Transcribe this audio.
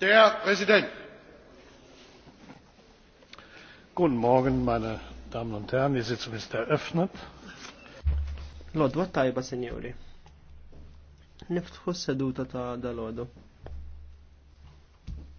Der Präsident. Guten Morgen, meine Damen und Herren. Die Sitzung ist eröffnet. Lodwa tajba, Signori. Niftħu s-seduta ta' dal-ħodu.